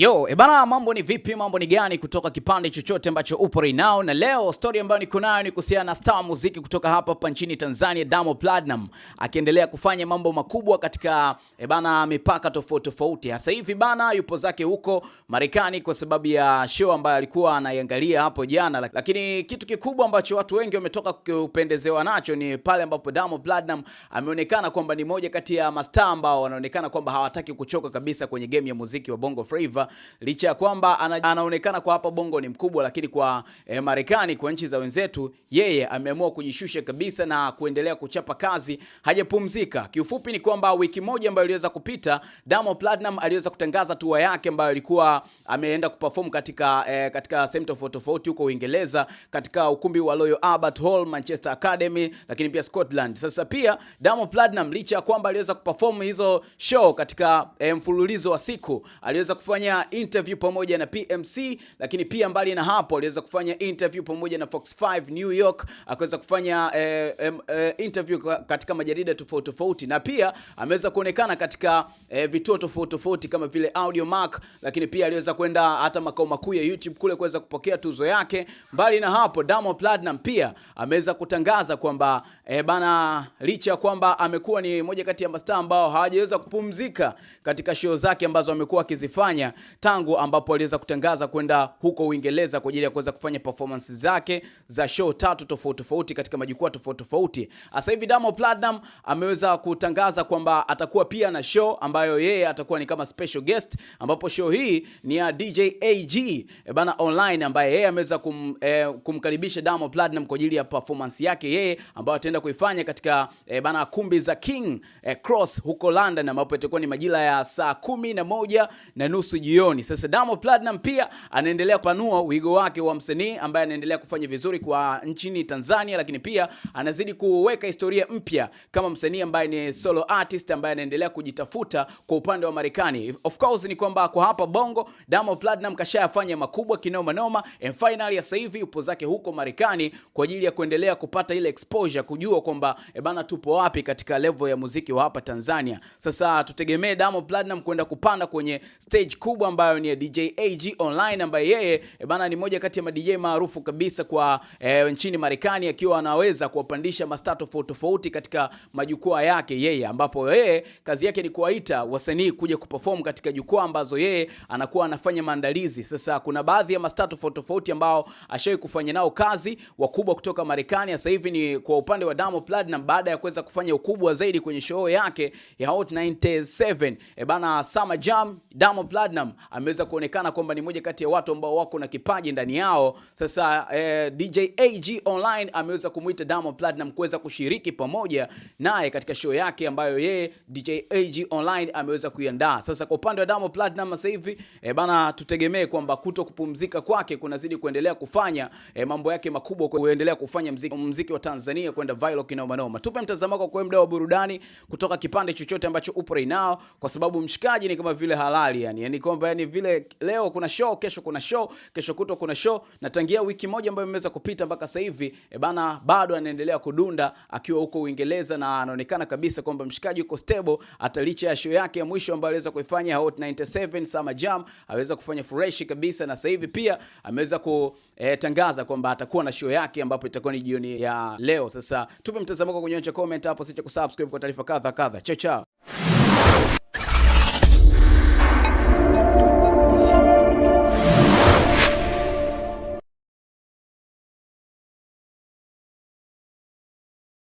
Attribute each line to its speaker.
Speaker 1: Yo, ebana eh, mambo ni vipi? Mambo ni gani kutoka kipande chochote ambacho upo right now, na leo story ambayo niko nayo ni kuhusiana na star muziki kutoka hapa hapa nchini Tanzania Diamond Platinum akiendelea kufanya mambo makubwa katika ebana eh, mipaka tofauti tofauti. Hasa hivi bana yupo zake huko Marekani kwa sababu ya show ambayo alikuwa anaiangalia hapo jana, lakini kitu kikubwa ambacho watu wengi wametoka kupendezewa nacho ni pale ambapo Diamond Platinum ameonekana kwamba ni moja kati ya mastaa ambao wanaonekana kwamba hawataki kuchoka kabisa kwenye game ya muziki wa Bongo Flava licha ya kwamba anaonekana kwa hapa Bongo ni mkubwa, lakini kwa eh, Marekani, kwa nchi za wenzetu, yeye ameamua kujishusha kabisa na kuendelea kuchapa kazi, hajapumzika. Kiufupi ni kwamba wiki moja ambayo iliweza kupita, Diamond Platinum aliweza kutangaza tour yake ambayo alikuwa ameenda kuperform katika eh, katika sehemu tofauti tofauti huko Uingereza, katika ukumbi wa Royal Albert Hall, Manchester Academy, lakini pia Scotland. Sasa pia Diamond Platinum licha ya kwamba aliweza kuperform hizo show katika eh, mfululizo wa siku aliweza kufanya kufanya interview pamoja na PMC, lakini pia mbali na hapo aliweza kufanya interview pamoja na Fox 5 New York, akaweza kufanya eh, eh, interview katika majarida tofauti tofauti, na pia ameweza kuonekana katika eh, vituo tofauti tofauti kama vile Audio Mark, lakini pia aliweza kwenda hata makao makuu ya YouTube kule kuweza kupokea tuzo yake. Mbali na hapo, Diamond Platinum pia ameweza kutangaza kwamba eh, bana, licha kwamba amekuwa ni moja kati ya mastaa ambao hawajaweza kupumzika katika show zake ambazo amekuwa akizifanya, tangu ambapo aliweza kutangaza kwenda huko Uingereza kwa ajili ya kuweza kufanya performance zake za show tatu tofauti tofauti katika majukwaa tofauti tofauti. Sasa hivi Diamond Platinum ameweza kutangaza kwamba atakuwa pia na show ambayo yeye atakuwa ni kama special guest, ambapo show hii ni ya DJ AG e eh, bana online, ambaye yeye ameweza kum, e, kumkaribisha Diamond Platinum kwa ajili ya performance yake yeye ambayo ataenda kuifanya katika e, bana kumbi za King e, Cross huko London, ambapo itakuwa ni majira ya saa kumi na moja na nusu jioni. Sasa Diamond Platinum pia anaendelea kupanua wigo wake wa msanii ambaye anaendelea kufanya vizuri kwa nchini Tanzania, lakini pia anazidi kuweka historia mpya kama msanii ambaye ni solo artist ambaye anaendelea kujitafuta kwa upande wa Marekani. Of course ni kwamba kwa hapa Bongo Diamond Platinum kashayafanya makubwa kinoma noma, and finally sasa hivi upo zake huko Marekani kwa ajili ya kuendelea kupata ile exposure, kujua kwamba e bana, tupo wapi katika level ya muziki wa hapa Tanzania. Sasa tutegemee Diamond Platinum kwenda kupanda kwenye stage kubwa kubwa ambayo ni ya DJ AG Online ambaye yeye e bana ni moja kati ya ma DJ maarufu kabisa kwa e, nchini Marekani akiwa anaweza kuwapandisha mastaa tofauti tofauti katika majukwaa yake yeye, ambapo yeye kazi yake ni kuwaita wasanii kuja kuperform katika jukwaa ambazo yeye anakuwa anafanya maandalizi. Sasa kuna baadhi ya mastaa tofauti tofauti ambao ashawahi kufanya nao kazi wakubwa kutoka Marekani. Sasa hivi ni kwa upande wa Diamond Platnumz baada ya kuweza kufanya ukubwa zaidi kwenye show yake ya Hot 97 e eh, bana Summer Jam, Diamond Platnumz Azam ameweza kuonekana kwamba ni moja kati ya watu ambao wako na kipaji ndani yao. Sasa eh, DJ AG Online ameweza kumuita Diamond Platnumz kuweza kushiriki pamoja naye katika show yake ambayo yeye DJ AG Online ameweza kuiandaa. Sasa kwa upande wa Diamond Platnumz sasa hivi eh, bana, tutegemee kwamba kuto kupumzika kwake kunazidi kuendelea kufanya eh, mambo yake makubwa kuendelea kufanya mziki, mziki wa Tanzania kwenda viral kinoma noma. Tupe mtazamo wako kwa mda wa burudani kutoka kipande chochote ambacho upo right now, kwa sababu mshikaji ni kama vile halali yani, yani kwamba yani vile leo kuna show, kesho kuna show, kesho kuto kuna show, na tangia wiki moja ambayo imeweza kupita mpaka sasa hivi e bana, bado anaendelea kudunda akiwa huko Uingereza, na anaonekana kabisa kwamba mshikaji yuko stable, hata licha ya show yake ya mwisho ambayo aliweza kuifanya Hot 97 Summer Jam, aweza kufanya fresh kabisa, na sasa hivi pia ameweza kutangaza eh, kwamba atakuwa na show yake ambapo itakuwa ni jioni ya leo. Sasa tupe mtazamo wako kwenye comment hapo, sicha kusubscribe kwa taarifa kadha kadha. Chao chao.